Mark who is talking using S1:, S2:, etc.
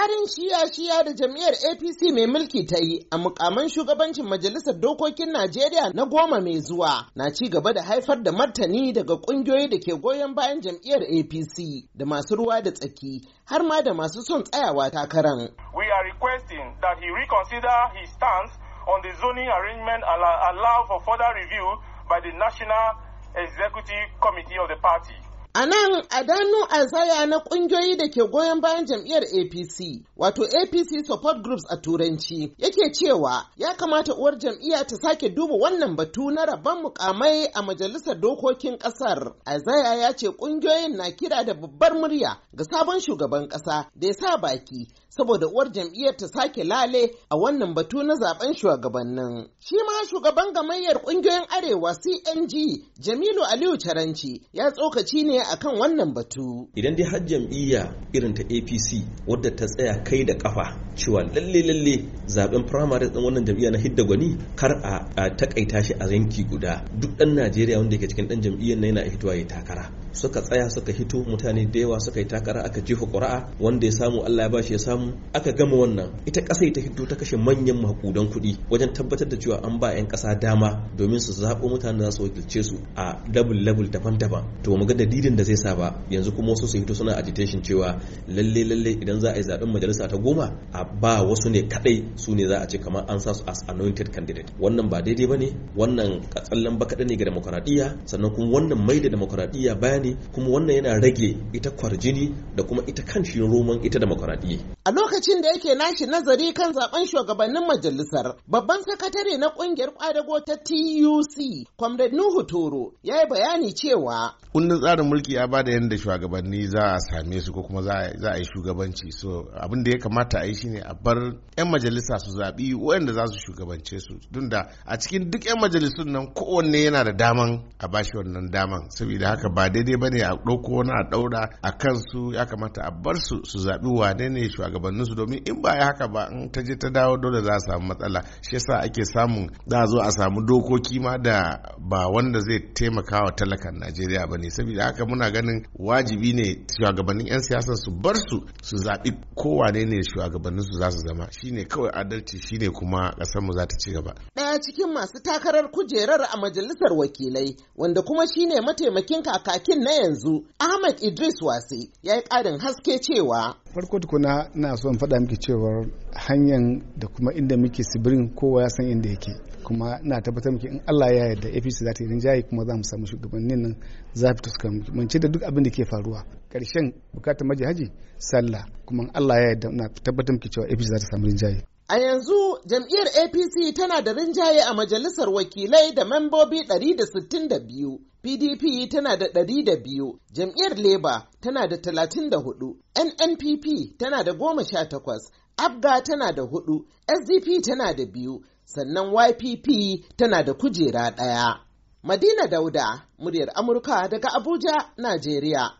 S1: Harin shiya-shiya da jam'iyyar APC mai mulki ta yi a mukaman shugabancin Majalisar Dokokin Najeriya na goma mai zuwa na ci gaba da haifar da martani daga ƙungiyoyi da ke goyon bayan jam'iyyar APC da masu ruwa da tsaki har ma da masu son tsayawa takaran.
S2: We are requesting that he reconsider his stance on the zoning arrangement and allow for further review by the National Executive Committee of
S1: the party. A nan Adanu Azaya na kungiyoyi da ke goyon bayan jam'iyyar APC, wato APC Support Groups a Turanci, yake cewa ya kamata uwar jam'iyya ta sake duba wannan batu na rabon mukamai a majalisar dokokin ƙasar Azaya ya ce kungiyoyin na kira da babbar murya ga sabon shugaban ƙasa da ya sa baki saboda uwar jam'iyyar ta sake lale a wannan batu na zaben shugabannin. Shi ma shugaban gamayyar kungiyoyin Arewa CNG Jamilu Aliyu Caranci ya tsokaci ne akan wannan batu.
S3: Idan dai har jam'iyya irin ta APC wadda ta tsaya kai da kafa cewa lalle lalle zaben primary din wannan jam'iyya na hidda gwani kar a takaita shi a yanki guda duk dan Najeriya wanda yake cikin dan jam'iyyar nan yana hitowa ya takara. Suka tsaya suka hito mutane da yawa suka yi takara aka jefa ƙura'a wanda ya samu Allah ya bashi ya samu aka gama wannan ita ƙasa ta hito ta kashe manyan makudan kuɗi wajen tabbatar da cewa an ba 'yan ƙasa dama domin su zaɓo mutane za su wakilce su a level level daban-daban to mu ga dalilin jin da zai sa ba yanzu kuma wasu sun fito suna agitation cewa lalle lalle idan za a yi zaben majalisa ta goma a ba wasu ne kadai su ne za a ce kamar an sa su as anointed candidate wannan ba daidai ba ne, wannan katsallan bakaɗe ne ga demokradiyya sannan kuma wannan mai da demokradiyya baya ne kuma wannan yana rage ita kwarjini da kuma ita kan shi roman ita demokradiyya
S1: a lokacin da yake nashi nazari kan zaben shugabannin majalisar babban sakatare na kungiyar kwadago ta TUC Comrade Nuhu Toro ya yi bayani cewa
S2: kundin tsarin mulki ya bada yadda shugabanni za a same su ko kuma za a yi shugabanci so abin da ya kamata a yi shine a bar 'yan majalisa su zaɓi waɗanda za su shugabance su tun da a cikin duk 'yan majalisun nan kowanne yana da daman a bashi wannan daman saboda haka ba daidai ba ne a ɗauko wani a ɗaura a kansu ya kamata a bar su su zaɓi wane ne shugabannin su domin in ba ya haka ba in ta je ta dawo dole za a samu matsala shi yasa ake samun za a zo a samu dokoki ma da ba wanda zai taimaka wa talakan Najeriya ba ne saboda haka muna ganin wajibi ne shugabannin 'yan siyasa su bar su su zaɓi kowane ne shugabannin su za su zama shine kawai adalci shine kuma ƙasar mu za ta ci gaba
S1: ɗaya cikin masu takarar kujerar a majalisar wakilai wanda kuma shine mataimakin kakakin na yanzu ahmad idris wasi ya yi ƙarin haske cewa farko tukuna
S4: na son faɗa miki cewar hanyar da kuma inda muke sibirin kowa ya san inda yake kuma ina tabbatar miki in Allah ya yarda APC za ta yi rinjaye kuma za mu samu shugabannin nan za ta tuska mance da duk abin da ke faruwa karshen bukatar maji haji sallah kuma in Allah ya yarda ina tabbatar miki cewa APC za ta samu rinjaye
S1: A yanzu jam'iyyar APC tana da rinjaye a majalisar wakilai da membobi 162, PDP tana da 102, jam'iyyar Labour tana da 34, NNPP tana da 18, Abga tana da 4, SDP tana da biyu, sannan YPP tana da kujera ɗaya. Madina Dauda, muryar Amurka daga Abuja, Najeriya.